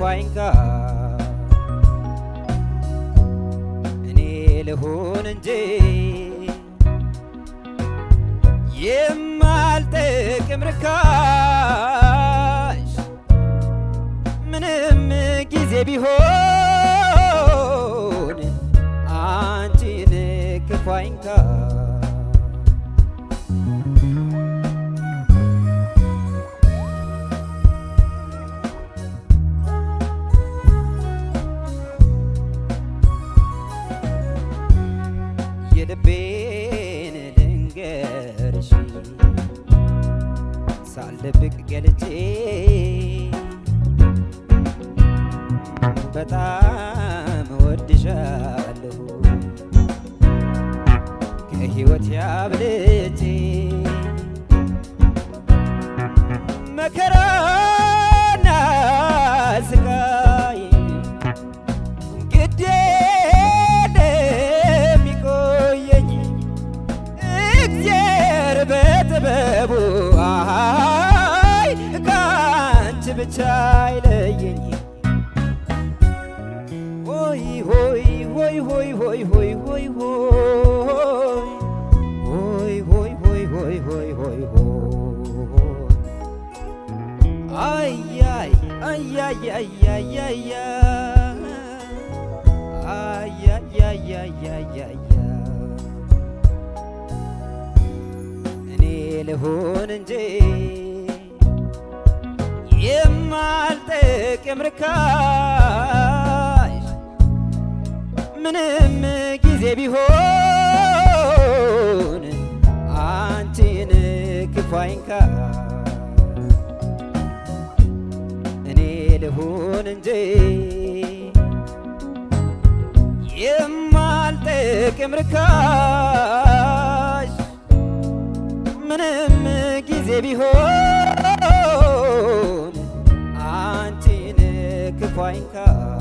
ቋንቋ እኔ ልሁን እንጂ የማልጠቅም ርካሽ ምንም ጊዜ ቢሆን ሳልደብቅ ገልጬ በጣም እወድሻለሁ ከሕይወት ያብልጬ መከራ አይለየኝ ሆይ ሆይ ሆይ ሆይ ሆይ ሆይ ሆይ ሆይ ሆይ ሆይ ሆይ ሆይ ሆይ አያይ አያይ አያይ አያይ እኔ ልሆን እንጂ የማልጠቅ የምርካሽ ምንም ጊዜ ቢሆን አንቺን ክፉ እኔ ልሁን እንጂ የማልጠቅ የምርካሽ ምንም ጊዜ ቢሆን ควายขา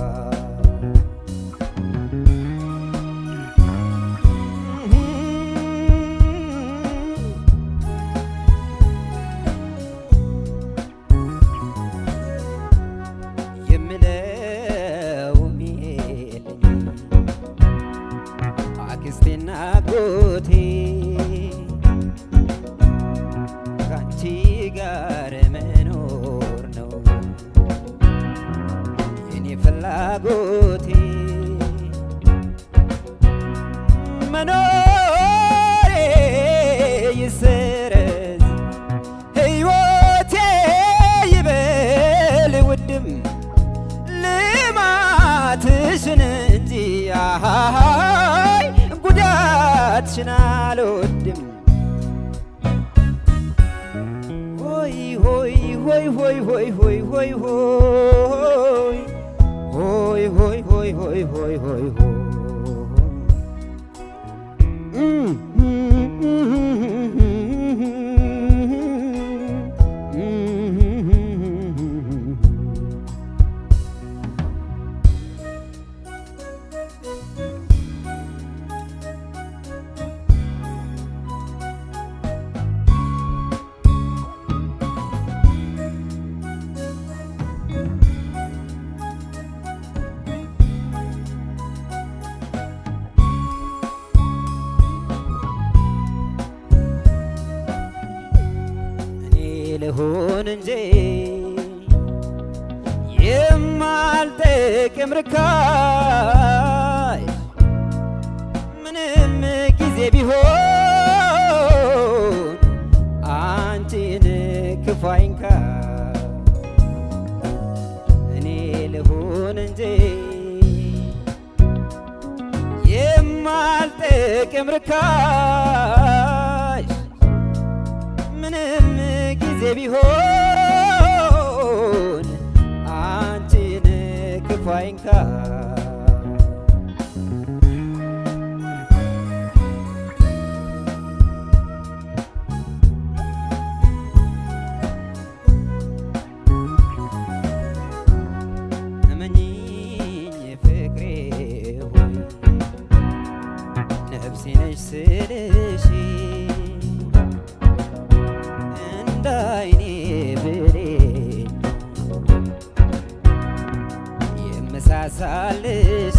ፍቅም ርካሽ ምንም ጊዜ ቢሆን አንቺን ክፉ አይንካ ትነሳሳለሽ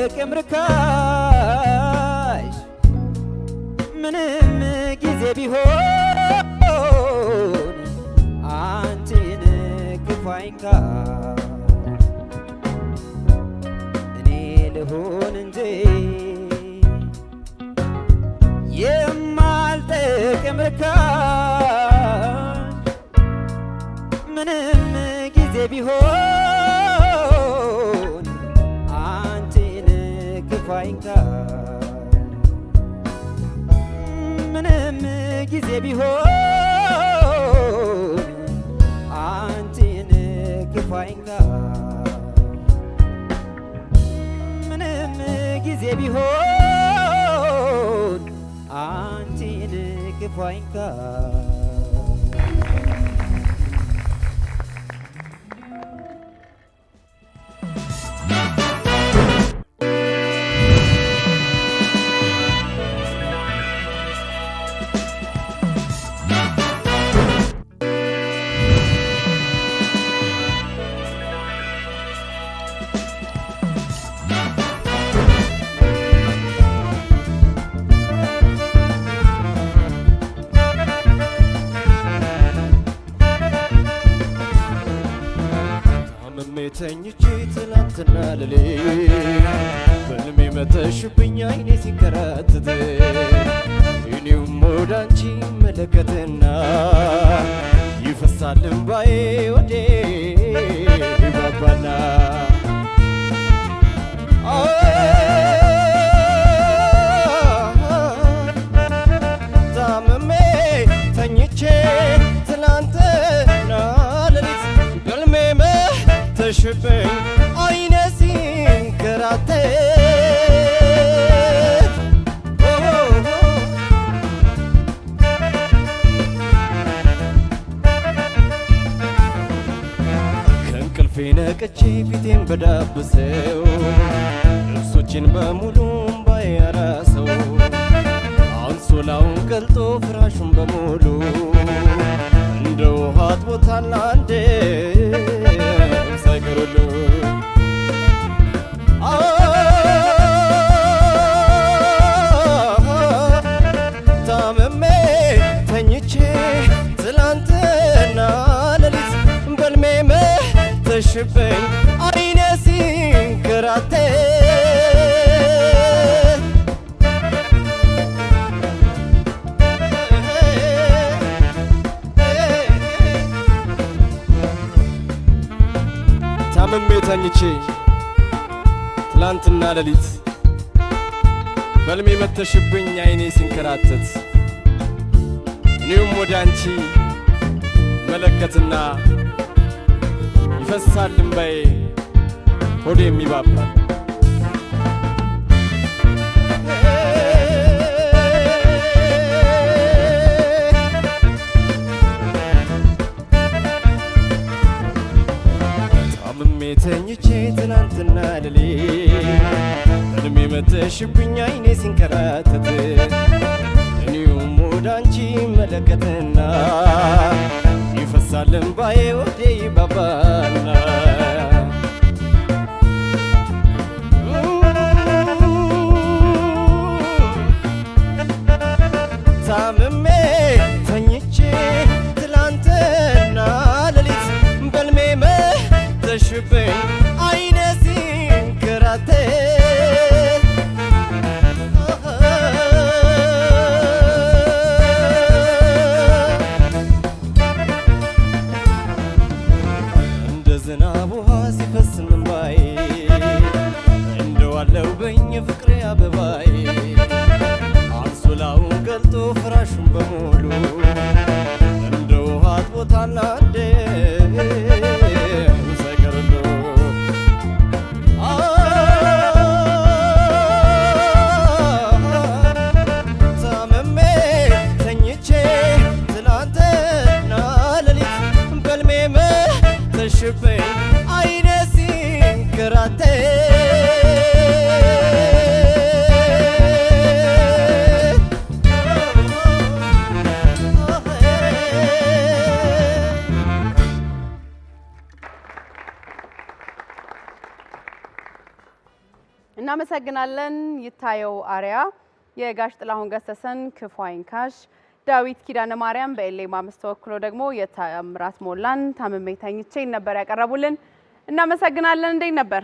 ፍቅም ርካሽ ምንም ጊዜ ቢሆን አንቺን ክፉ አይንካ እኔ ልሆን እንጂ የማልጠቅም ርካሽ ምንም ጊዜ ቢሆን ጊዜ ቢሆን አንቺን ምንም ጊዜ ቢሆን አንቺን ክፋኝ አቅቼ ፊቴን በዳብሰው ልብሶችን በሙሉ ባያራሰው አንሶላውን ገልጦ ፍራሹን በሙሉ እንደ ውሃ አጥቦታል አንዴ ሳይቀር ተኝቼ ትላንትና ሌሊት በልሜ መተሽብኝ አይኔ ሲንከራተት እኔውም ወደ አንቺ መለከትና ይፈሳል እምባዬ ሆዴ የሚባባል በህልሜ ተኝቼ ትናንትና ሌሊት በህልሜ መተሽብኝ አይኔ ሲንከራተት እኔውም ወደ አንቺ መለከትና ይፈሳል እምባዬ ወዴ ይባባና ታምሜ እንደ ዝናብ ውሃ ሲፈስም እንባዬ እንደዋለው በኝ ፍቅሬ አበባዬ እናመሰግናለን። ይታየው አሪያ የጋሽ ጥላሁን ገሰሰን ክፉ አይንካሽ፣ ዳዊት ኪዳነ ማርያም በኤሌ አምስት ተወክሎ ደግሞ የታምራት ሞላን ታምሜ ተኝቼ ነበር ያቀረቡልን። እናመሰግናለን። እንዴት ነበር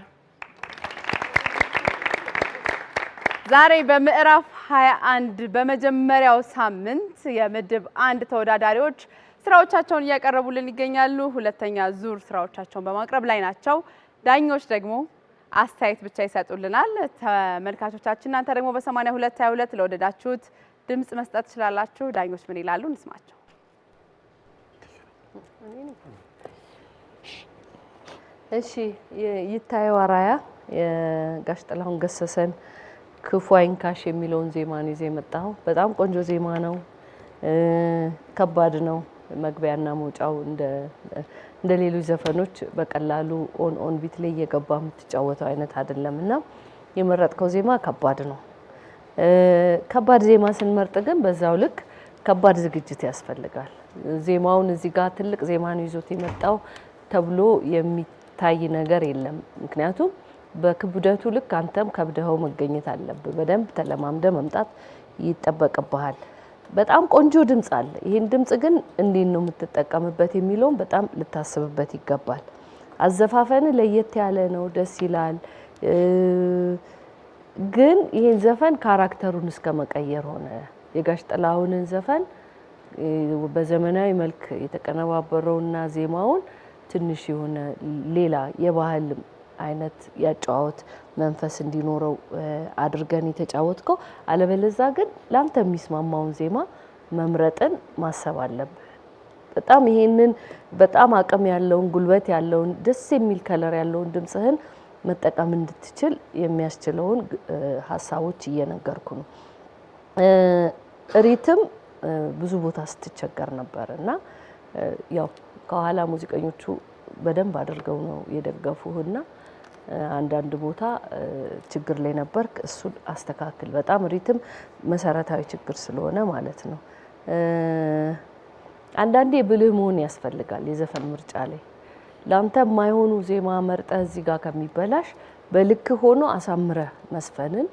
ዛሬ በምዕራፍ 21 በመጀመሪያው ሳምንት የምድብ አንድ ተወዳዳሪዎች ስራዎቻቸውን እያቀረቡልን ይገኛሉ። ሁለተኛ ዙር ስራዎቻቸውን በማቅረብ ላይ ናቸው። ዳኞች ደግሞ አስተያየት ብቻ ይሰጡልናል ተመልካቾቻችን። እናንተ ደግሞ በ8222 ለወደዳችሁት ድምጽ መስጠት ትችላላችሁ። ዳኞች ምን ይላሉ እንስማቸው። እሺ ይታየው አራያ ጋሽ ጥላሁን ገሰሰን ክፉ አይንካሽ የሚለውን ዜማ ነው ይዤ የመጣው። በጣም ቆንጆ ዜማ ነው። ከባድ ነው መግቢያና መውጫው እንደ እንደ ሌሎች ዘፈኖች በቀላሉ ኦን ኦን ቢት ላይ እየገባ የምትጫወተው አይነት አይደለም እና የመረጥከው ዜማ ከባድ ነው። ከባድ ዜማ ስንመርጥ ግን በዛው ልክ ከባድ ዝግጅት ያስፈልጋል። ዜማውን እዚህ ጋር ትልቅ ዜማ ይዞት የመጣው ተብሎ የሚታይ ነገር የለም። ምክንያቱም በክብደቱ ልክ አንተም ከብደኸው መገኘት አለብህ። በደንብ ተለማምደ መምጣት ይጠበቅብሃል። በጣም ቆንጆ ድምፅ አለ። ይህን ድምፅ ግን እንዴት ነው የምትጠቀምበት የሚለውን በጣም ልታስብበት ይገባል። አዘፋፈን ለየት ያለ ነው፣ ደስ ይላል። ግን ይህን ዘፈን ካራክተሩን እስከ መቀየር ሆነ። የጋሽ ጥላሁንን ዘፈን በዘመናዊ መልክ የተቀነባበረውና ዜማውን ትንሽ የሆነ ሌላ የባህል አይነት ያጨዋወት መንፈስ እንዲኖረው አድርገን የተጫወትከው። አለበለዛ ግን ለአንተ የሚስማማውን ዜማ መምረጥን ማሰብ አለብህ። በጣም ይሄንን በጣም አቅም ያለውን ጉልበት ያለውን ደስ የሚል ከለር ያለውን ድምፅህን መጠቀም እንድትችል የሚያስችለውን ሀሳቦች እየነገርኩ ነው። ሪትም ብዙ ቦታ ስትቸገር ነበር እና ያው ከኋላ ሙዚቀኞቹ በደንብ አድርገው ነው የደገፉህና አንዳንድ ቦታ ችግር ላይ ነበርክ፣ እሱን አስተካክል። በጣም ሪትም መሰረታዊ ችግር ስለሆነ ማለት ነው። አንዳንዴ ብልህ መሆን ያስፈልጋል የዘፈን ምርጫ ላይ ለአንተ የማይሆኑ ዜማ መርጠህ እዚህ ጋር ከሚበላሽ በልክ ሆኖ አሳምረህ መስፈንን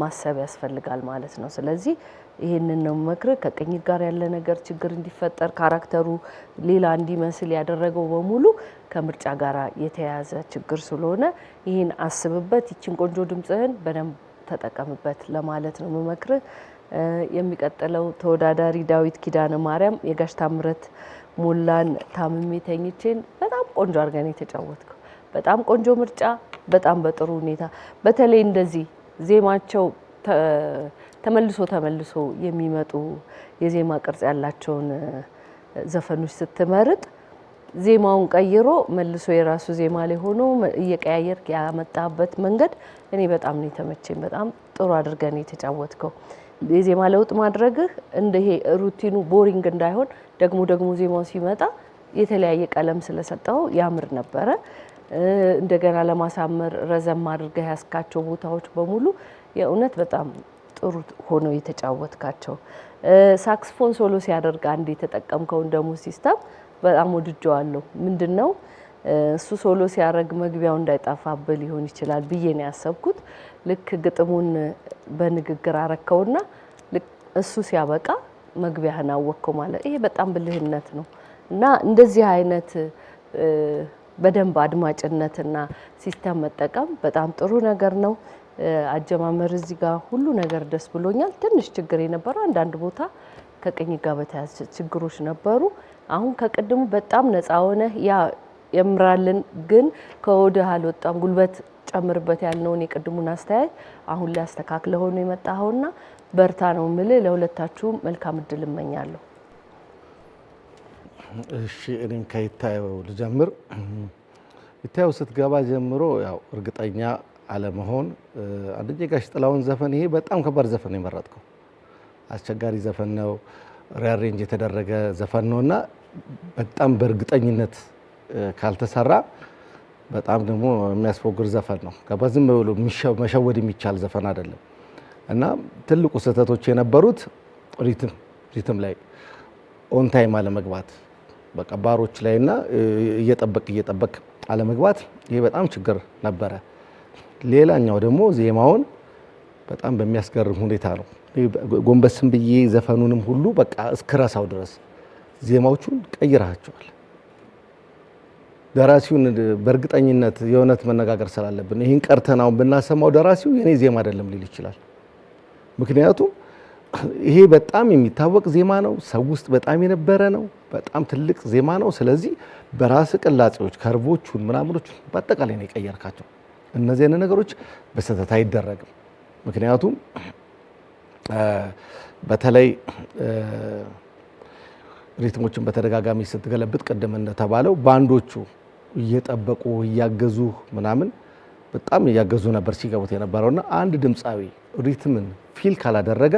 ማሰብ ያስፈልጋል ማለት ነው። ስለዚህ ይሄንን ነው መክረህ ከቅኝት ጋር ያለ ነገር ችግር እንዲፈጠር ካራክተሩ ሌላ እንዲመስል ያደረገው በሙሉ ከምርጫ ጋር የተያያዘ ችግር ስለሆነ ይህን አስብበት፣ ይችን ቆንጆ ድምፅህን በደንብ ተጠቀምበት ለማለት ነው መመክርህ። የሚቀጥለው ተወዳዳሪ ዳዊት ኪዳነ ማርያም የጋሽ ታምረት ሞላን ታምሜ ተኝቼን በጣም ቆንጆ አድርገን የተጫወትከው በጣም ቆንጆ ምርጫ፣ በጣም በጥሩ ሁኔታ በተለይ እንደዚህ ዜማቸው ተመልሶ ተመልሶ የሚመጡ የዜማ ቅርጽ ያላቸውን ዘፈኖች ስትመርጥ ዜማውን ቀይሮ መልሶ የራሱ ዜማ ላይ ሆኖ እየቀያየር ያመጣበት መንገድ እኔ በጣም ነው የተመቸኝ። በጣም ጥሩ አድርገን የተጫወትከው የዜማ ለውጥ ማድረግህ እንደ ሩቲኑ ቦሪንግ እንዳይሆን ደግሞ ደግሞ ዜማው ሲመጣ የተለያየ ቀለም ስለሰጠው ያምር ነበረ። እንደገና ለማሳመር ረዘም አድርገህ ያስካቸው ቦታዎች በሙሉ የእውነት በጣም ጥሩ ሆኖ የተጫወትካቸው። ሳክስፎን ሶሎ ሲያደርግ አንድ የተጠቀምከውን ደሞ ሲስተም በጣም ወድጀዋለሁ። ምንድን ነው እሱ ሶሎ ሲያደርግ መግቢያው እንዳይጠፋብህ ሊሆን ይችላል ብዬ ነው ያሰብኩት። ልክ ግጥሙን በንግግር አረከውና እሱ ሲያበቃ መግቢያህን አወቅከው ማለት ይሄ በጣም ብልህነት ነው እና እንደዚህ አይነት በደንብ አድማጭነትና ሲስተም መጠቀም በጣም ጥሩ ነገር ነው። አጀማመር እዚህ ጋር ሁሉ ነገር ደስ ብሎኛል። ትንሽ ችግር የነበረው አንዳንድ ቦታ ከቅኝ ጋር በተያያዘ ችግሮች ነበሩ። አሁን ከቅድሙ በጣም ነፃ ሆነ። ያ የምራልን ግን ከወድህ አልወጣም ጉልበት ጨምርበት ያልነውን የቅድሙን አስተያየት አሁን ላይ አስተካክለ ሆኖ የመጣኸውና በርታ ነው ምል ለሁለታችሁ መልካም እድል እመኛለሁ። እሺ እኔም ከይታየው ልጀምር። ይታየው ስትገባ ጀምሮ ያው እርግጠኛ አለመሆን አንደኛ የጋሽ ጥላውን ዘፈን ይሄ በጣም ከባድ ዘፈን ነው የመረጥከው። አስቸጋሪ ዘፈን ነው፣ ሪያሬንጅ የተደረገ ዘፈን ነው እና በጣም በእርግጠኝነት ካልተሰራ በጣም ደግሞ የሚያስፎግር ዘፈን ነው። ዝም ብሎ መሸወድ የሚቻል ዘፈን አይደለም እና ትልቁ ስህተቶች የነበሩት ሪትም ሪትም ላይ ኦን አለመግባት፣ በቀባሮች ላይ እና እየጠበቅ እየጠበቅ አለመግባት፣ ይሄ በጣም ችግር ነበረ። ሌላኛው ደግሞ ዜማውን በጣም በሚያስገርም ሁኔታ ነው። ጎንበስም ብዬ ዘፈኑንም ሁሉ በቃ እስክረሳው ድረስ ዜማዎቹን ቀይረሃቸዋል። ደራሲውን በእርግጠኝነት የእውነት መነጋገር ስላለብን ይህን ቀርተናው ብናሰማው ደራሲው የኔ ዜማ አይደለም ሊል ይችላል። ምክንያቱም ይሄ በጣም የሚታወቅ ዜማ ነው፣ ሰው ውስጥ በጣም የነበረ ነው፣ በጣም ትልቅ ዜማ ነው። ስለዚህ በራስ ቅላጼዎች ከርቦቹን ምናምኖቹን በአጠቃላይ ነው የቀየርካቸው። እነዚህ አይነት ነገሮች በስህተት አይደረግም። ምክንያቱም በተለይ ሪትሞችን በተደጋጋሚ ስትገለብጥ ቅድም እንደተባለው ባንዶቹ እየጠበቁ እያገዙ ምናምን በጣም እያገዙ ነበር ሲገቡት የነበረውና አንድ ድምፃዊ ሪትምን ፊል ካላደረገ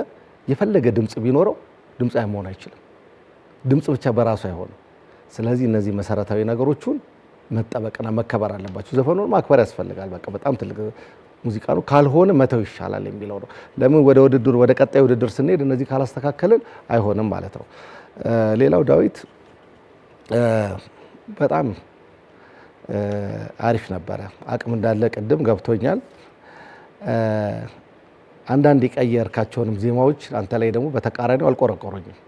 የፈለገ ድምፅ ቢኖረው ድምፃዊ መሆን አይችልም። ድምፅ ብቻ በራሱ አይሆንም። ስለዚህ እነዚህ መሰረታዊ ነገሮቹን መጠበቅና መከበር አለባቸው። ዘፈኑን ማክበር ያስፈልጋል። በቃ በጣም ትልቅ ሙዚቃ ነው። ካልሆነ መተው ይሻላል የሚለው ነው። ለምን ወደ ውድድር ወደ ቀጣይ ውድድር ስንሄድ እነዚህ ካላስተካከልን አይሆንም ማለት ነው። ሌላው ዳዊት በጣም አሪፍ ነበረ። አቅም እንዳለ ቅድም ገብቶኛል። አንዳንድ የቀየርካቸውንም ዜማዎች አንተ ላይ ደግሞ በተቃራኒው አልቆረቆረኝም።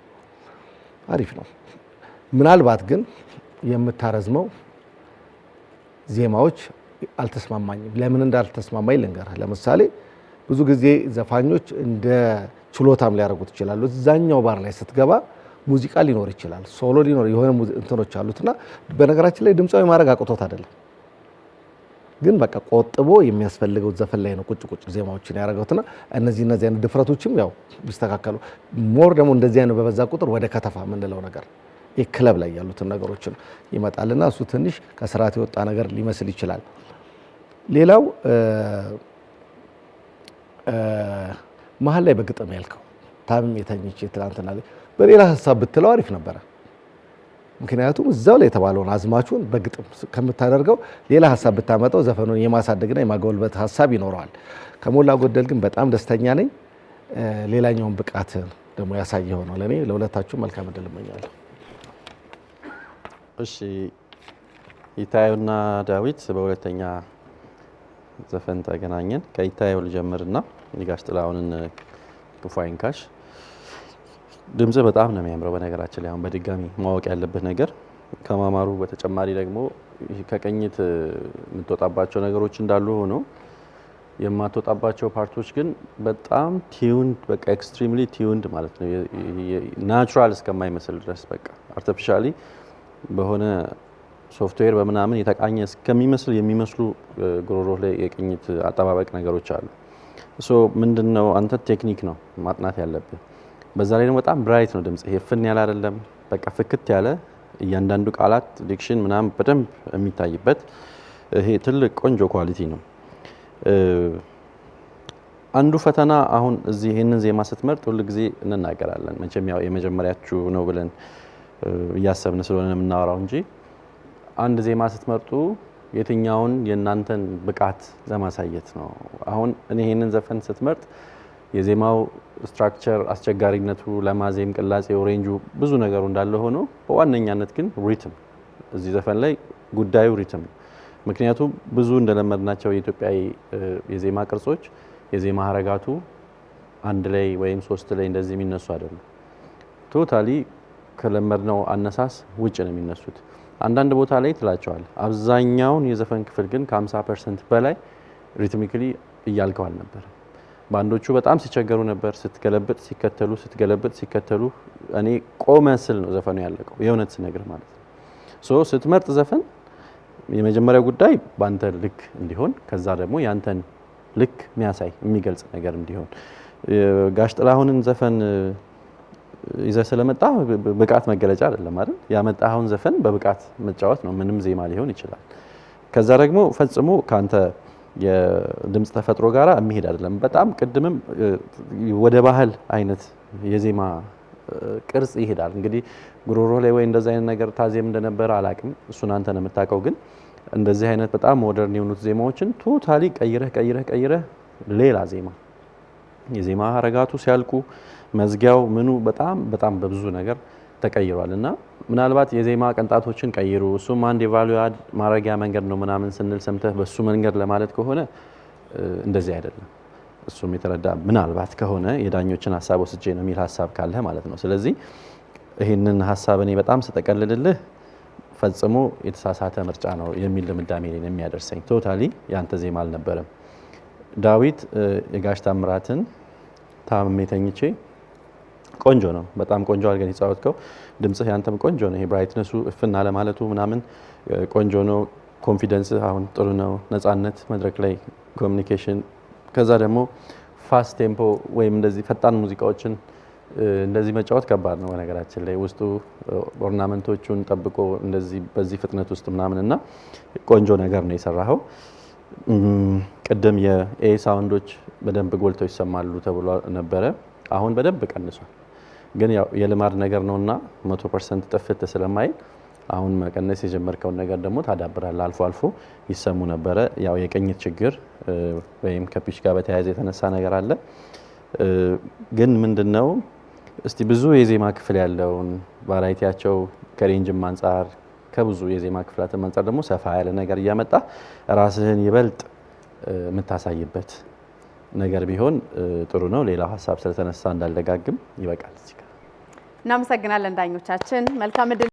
አሪፍ ነው። ምናልባት ግን የምታረዝመው ዜማዎች አልተስማማኝም። ለምን እንዳልተስማማኝ ልንገርህ። ለምሳሌ ብዙ ጊዜ ዘፋኞች እንደ ችሎታም ሊያደርጉት ይችላሉ። እዛኛው ባር ላይ ስትገባ ሙዚቃ ሊኖር ይችላል፣ ሶሎ ሊኖር የሆነ እንትኖች አሉትና በነገራችን ላይ ድምፃዊ ማድረግ አቅቶት አይደለም ግን በቃ ቆጥቦ የሚያስፈልገው ዘፈን ላይ ነው ቁጭ ቁጭ ዜማዎችን ያደረገውትና እነዚህ እነዚህ አይነት ድፍረቶችም ያው ቢስተካከሉ ሞር ደግሞ እንደዚህ አይነት በበዛ ቁጥር ወደ ከተፋ የምንለው ነገር የክለብ ላይ ያሉትን ነገሮችን ይመጣልና እሱ ትንሽ ከስርዓት የወጣ ነገር ሊመስል ይችላል። ሌላው መሀል ላይ በግጥም ያልከው ታምም የተኝች ትላንትና በሌላ ሀሳብ ብትለው አሪፍ ነበረ። ምክንያቱም እዛው ላይ የተባለውን አዝማቹን በግጥም ከምታደርገው ሌላ ሀሳብ ብታመጣው ዘፈኑን የማሳደግና የማጎልበት ሀሳብ ይኖረዋል። ከሞላ ጎደል ግን በጣም ደስተኛ ነኝ። ሌላኛውን ብቃትን ደግሞ ያሳየ ሆነው ለእኔ ለሁለታችሁም መልካም እድል እመኛለሁ። እሺ ኢታዩና ዳዊት በሁለተኛ ዘፈን ተገናኘን። ከኢታዩ ልጀምርና የጋሽ ጥላሁንን ክፉ አይንካሽ ድምጽ በጣም ነው የሚያምረው። በነገራችን ላይ አሁን በድጋሚ ማወቅ ያለብህ ነገር ከማማሩ በተጨማሪ ደግሞ ከቀኝት የምትወጣባቸው ነገሮች እንዳሉ ሆኖ የማትወጣባቸው ፓርቶች ግን በጣም ቲዩንድ በቃ ኤክስትሪምሊ ቲዩንድ ማለት ነው ናቹራል እስከማይመስል ድረስ በቃ አርቲፊሻሊ በሆነ ሶፍትዌር በምናምን የተቃኘ እስከሚመስል የሚመስሉ ጉሮሮ ላይ የቅኝት አጠባበቅ ነገሮች አሉ። ሶ ምንድን ነው አንተ ቴክኒክ ነው ማጥናት ያለብህ። በዛ ላይ ደግሞ በጣም ብራይት ነው ድምጽ፣ ይሄ ፍን ያለ አይደለም፣ በቃ ፍክት ያለ እያንዳንዱ ቃላት ዲክሽን ምናምን በደንብ የሚታይበት ይሄ ትልቅ ቆንጆ ኳሊቲ ነው። አንዱ ፈተና አሁን እዚህ ይህንን ዜማ ስትመርጥ ሁል ጊዜ እንናገራለን መቼም ያው የመጀመሪያችሁ ነው ብለን እያሰብን ስለሆነ የምናወራው እንጂ አንድ ዜማ ስትመርጡ የትኛውን የእናንተን ብቃት ለማሳየት ነው። አሁን እኔ ይህንን ዘፈን ስትመርጥ የዜማው ስትራክቸር አስቸጋሪነቱ፣ ለማዜም ቅላጼው፣ ሬንጁ ብዙ ነገሩ እንዳለ ሆኖ በዋነኛነት ግን ሪትም እዚህ ዘፈን ላይ ጉዳዩ ሪትም ነው። ምክንያቱም ብዙ እንደለመድናቸው የኢትዮጵያ የዜማ ቅርጾች የዜማ ሀረጋቱ አንድ ላይ ወይም ሶስት ላይ እንደዚህ የሚነሱ አይደሉም ቶታሊ ከለመድነው አነሳስ ውጭ ነው የሚነሱት። አንዳንድ ቦታ ላይ ትላቸዋል። አብዛኛውን የዘፈን ክፍል ግን ከ50 ፐርሰንት በላይ ሪትሚክሊ እያልከው ነበር። ባንዶቹ በጣም ሲቸገሩ ነበር። ስትገለብጥ ሲከተሉ፣ ስትገለብጥ ሲከተሉ፣ እኔ ቆመ ስል ነው ዘፈኑ ያለቀው። የእውነት ስነግር ማለት ነው። ሶ ስትመርጥ ዘፈን የመጀመሪያው ጉዳይ በአንተ ልክ እንዲሆን፣ ከዛ ደግሞ ያንተን ልክ የሚያሳይ የሚገልጽ ነገር እንዲሆን ጋሽ ጥላሁንን ዘፈን ይዘህ ስለመጣ ብቃት መገለጫ አይደለም አይደል? ያመጣኸውን ዘፈን በብቃት መጫወት ነው። ምንም ዜማ ሊሆን ይችላል። ከዛ ደግሞ ፈጽሞ ከአንተ የድምፅ ተፈጥሮ ጋር የሚሄድ አይደለም። በጣም ቅድምም ወደ ባህል አይነት የዜማ ቅርጽ ይሄዳል። እንግዲህ ጉሮሮ ላይ ወይ እንደዚህ አይነት ነገር ታዜም እንደነበረ አላቅም። እሱን አንተ ነው የምታውቀው። ግን እንደዚህ አይነት በጣም ሞደርን የሆኑት ዜማዎችን ቶታሊ ቀይረህ ቀይረህ ቀይረህ ሌላ ዜማ የዜማ ሀረጋቱ ሲያልቁ መዝጊያው ምኑ በጣም በጣም በብዙ ነገር ተቀይሯል እና ምናልባት የዜማ ቅንጣቶችን ቀይሩ፣ እሱም አንድ የቫሉያድ ማረጊያ ማድረጊያ መንገድ ነው ምናምን ስንል ሰምተህ በሱ መንገድ ለማለት ከሆነ እንደዚህ አይደለም። እሱም የተረዳ ምናልባት ከሆነ የዳኞችን ሀሳብ ወስጄ ነው የሚል ሀሳብ ካለህ ማለት ነው። ስለዚህ ይህንን ሀሳብ እኔ በጣም ስጠቀልልልህ ፈጽሞ የተሳሳተ ምርጫ ነው የሚል ድምዳሜ የሚያደርሰኝ ቶታሊ የአንተ ዜማ አልነበረም። ዳዊት የጋሽ ታምራትን ታምሜ ተኝቼ ቆንጆ ነው። በጣም ቆንጆ አድርገን የተጫወትከው ድምጽህ ያንተም ቆንጆ ነው። ይሄ ብራይትነሱ እፍን አለማለቱ ምናምን ቆንጆ ነው። ኮንፊደንስ አሁን ጥሩ ነው። ነጻነት መድረክ ላይ ኮሚኒኬሽን፣ ከዛ ደግሞ ፋስት ቴምፖ ወይም እንደዚህ ፈጣን ሙዚቃዎችን እንደዚህ መጫወት ከባድ ነው። በነገራችን ላይ ውስጡ ኦርናመንቶቹን ጠብቆ እንደዚህ በዚህ ፍጥነት ውስጥ ምናምን እና ቆንጆ ነገር ነው የሰራኸው። ቅድም የኤ ሳውንዶች በደንብ ጎልተው ይሰማሉ ተብሎ ነበረ። አሁን በደንብ ቀንሷል። ግን ያው የልማድ ነገር ነውና መቶ ፐርሰንት ጥፍት ስለማይል አሁን መቀነስ የጀመርከውን ነገር ደግሞ ታዳብራለህ። አልፎ አልፎ ይሰሙ ነበረ። ያው የቅኝት ችግር ወይም ከፒች ጋር በተያያዘ የተነሳ ነገር አለ። ግን ምንድነው እስቲ ብዙ የዜማ ክፍል ያለውን ቫራይቲያቸው ከሬንጅም አንጻር ከብዙ የዜማ ክፍላትን አንጻር ደግሞ ሰፋ ያለ ነገር እያመጣ ራስህን ይበልጥ የምታሳይበት ነገር ቢሆን ጥሩ ነው። ሌላው ሀሳብ ስለተነሳ እንዳልደጋግም ይበቃል። እናመሰግናለን ዳኞቻችን። መልካም